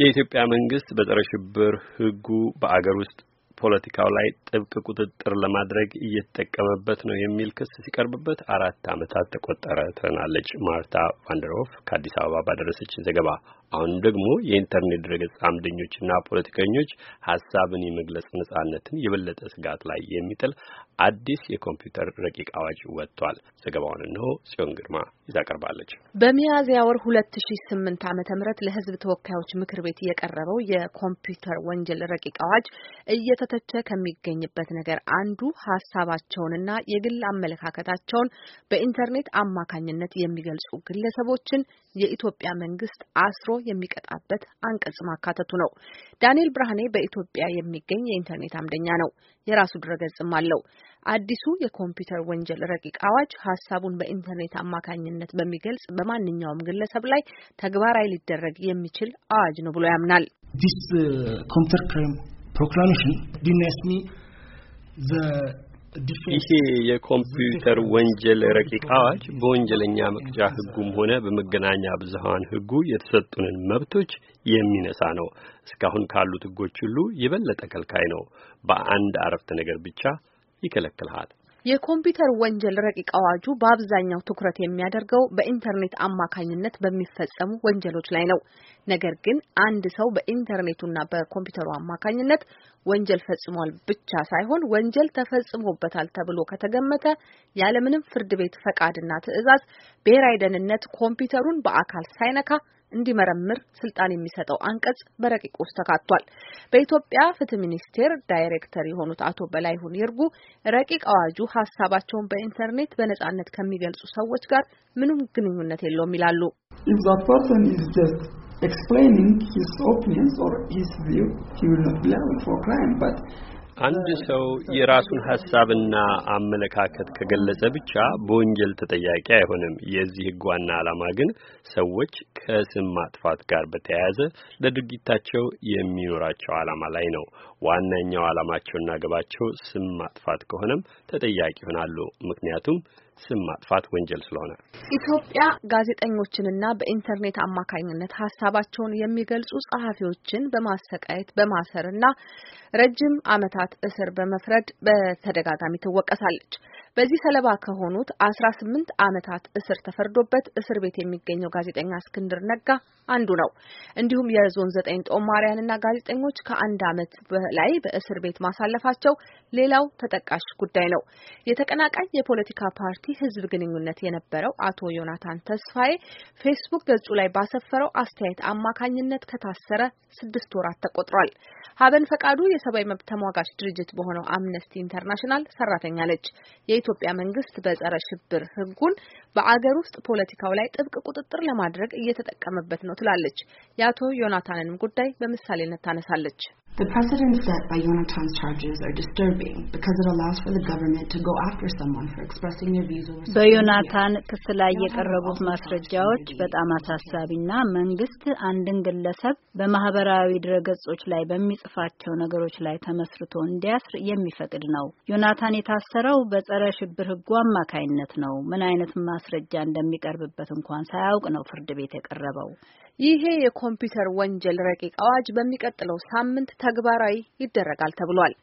የኢትዮጵያ መንግስት በጸረ ሽብር ህጉ በአገር ውስጥ ፖለቲካው ላይ ጥብቅ ቁጥጥር ለማድረግ እየተጠቀመበት ነው የሚል ክስ ሲቀርብበት አራት ዓመታት ተቆጠረ ትለናለች ማርታ ቫንደሮፍ ከአዲስ አበባ ባደረሰችን ዘገባ። አሁንም ደግሞ የኢንተርኔት ድረገጽ አምደኞችና ፖለቲከኞች ሀሳብን የመግለጽ ነጻነትን የበለጠ ስጋት ላይ የሚጥል አዲስ የኮምፒውተር ረቂቅ አዋጅ ወጥቷል። ዘገባውን ነው ጽዮን ግርማ ይዛ ቀርባለች። በሚያዝያ ወር 2008 ዓመተ ምህረት ለህዝብ ተወካዮች ምክር ቤት የቀረበው የኮምፒውተር ወንጀል ረቂቅ አዋጅ እየተተቸ ከሚገኝበት ነገር አንዱ ሀሳባቸውንና የግል አመለካከታቸውን በኢንተርኔት አማካኝነት የሚገልጹ ግለሰቦችን የኢትዮጵያ መንግስት አስሮ የሚቀጣበት አንቀጽ ማካተቱ ነው። ዳንኤል ብርሃኔ በኢትዮጵያ የሚገኝ የኢንተርኔት አምደኛ ነው። የራሱ ድረገጽም አለው። አዲሱ የኮምፒውተር ወንጀል ረቂቅ አዋጅ ሀሳቡን በኢንተርኔት አማካኝነት በሚገልጽ በማንኛውም ግለሰብ ላይ ተግባራዊ ሊደረግ የሚችል አዋጅ ነው ብሎ ያምናል። ዲስ ኮምፒውተር ፕሮክላሜሽን ዲናስሚ ይሄ የኮምፒውተር ወንጀል ረቂቅ አዋጅ በወንጀለኛ መቅጫ ህጉም uh, ሆነ በመገናኛ ብዙሀን ህጉ የተሰጡንን መብቶች የሚነሳ ነው። እስካሁን ካሉት ህጎች ሁሉ የበለጠ ከልካይ ነው። በአንድ አረፍተ ነገር ብቻ ይከለክልሃል። የኮምፒውተር ወንጀል ረቂቅ አዋጁ በአብዛኛው ትኩረት የሚያደርገው በኢንተርኔት አማካኝነት በሚፈጸሙ ወንጀሎች ላይ ነው። ነገር ግን አንድ ሰው በኢንተርኔቱና በኮምፒውተሩ አማካኝነት ወንጀል ፈጽሟል ብቻ ሳይሆን ወንጀል ተፈጽሞበታል ተብሎ ከተገመተ ያለምንም ፍርድ ቤት ፈቃድና ትዕዛዝ ብሔራዊ ደህንነት ኮምፒውተሩን በአካል ሳይነካ እንዲመረምር ስልጣን የሚሰጠው አንቀጽ በረቂቁ ውስጥ ተካቷል። በኢትዮጵያ ፍትህ ሚኒስቴር ዳይሬክተር የሆኑት አቶ በላይሁን ይርጉ ረቂቅ አዋጁ ሀሳባቸውን በኢንተርኔት በነጻነት ከሚገልጹ ሰዎች ጋር ምንም ግንኙነት የለውም ይላሉ። explaining his opinions or his view he will not be liable for crime but አንድ ሰው የራሱን ሀሳብና አመለካከት ከገለጸ ብቻ በወንጀል ተጠያቂ አይሆንም። የዚህ ህግ ዋና ዓላማ ግን ሰዎች ከስም ማጥፋት ጋር በተያያዘ ለድርጊታቸው የሚኖራቸው ዓላማ ላይ ነው። ዋናኛው ዓላማቸውና ገባቸው ስም ማጥፋት ከሆነም ተጠያቂ ይሆናሉ። ምክንያቱም ስም ማጥፋት ወንጀል ስለሆነ ኢትዮጵያ ጋዜጠኞችንና በኢንተርኔት አማካኝነት ሀሳባቸውን የሚገልጹ ጸሐፊዎችን በማሰቃየት በማሰርና ረጅም ዓመታት እስር በመፍረድ በተደጋጋሚ ትወቀሳለች። በዚህ ሰለባ ከሆኑት 18 ዓመታት እስር ተፈርዶበት እስር ቤት የሚገኘው ጋዜጠኛ እስክንድር ነጋ አንዱ ነው። እንዲሁም የዞን ዘጠኝ ጦማሪያንና ጋዜጠኞች ከአንድ ዓመት በላይ በእስር ቤት ማሳለፋቸው ሌላው ተጠቃሽ ጉዳይ ነው። የተቀናቃኝ የፖለቲካ ፓርቲ ህዝብ ግንኙነት የነበረው አቶ ዮናታን ተስፋዬ ፌስቡክ ገጹ ላይ ባሰፈረው አስተያየት አማካኝነት ከታሰረ ስድስት ወራት ተቆጥሯል። ሀበን ፈቃዱ የሰብአዊ መብት ተሟጋች ድርጅት በሆነው አምነስቲ ኢንተርናሽናል ሰራተኛ ነች። የኢትዮጵያ መንግስት በጸረ ሽብር ህጉን በአገር ውስጥ ፖለቲካው ላይ ጥብቅ ቁጥጥር ለማድረግ እየተጠቀመበት ነው ትላለች። የአቶ ዮናታንንም ጉዳይ በምሳሌነት ታነሳለች። The precedents set by Yonatan's charges are disturbing because it allows for the government to go after someone for expressing their views over በዮናታን ክስ ላይ የቀረቡት ማስረጃዎች በጣም አሳሳቢና መንግስት አንድን ግለሰብ በማህበራዊ ድረገጾች ላይ በሚጽፋቸው ነገሮች ላይ ተመስርቶ እንዲያስር የሚፈቅድ ነው። ዮናታን የታሰረው በጸረ ሽብር ህጉ አማካይነት ነው። ምን አይነት ማስረጃ እንደሚቀርብበት እንኳን ሳያውቅ ነው ፍርድ ቤት የቀረበው። ይሄ የኮምፒውተር ወንጀል ረቂቅ አዋጅ በሚቀጥለው ሳምንት ተግባራዊ ይደረጋል ተብሏል።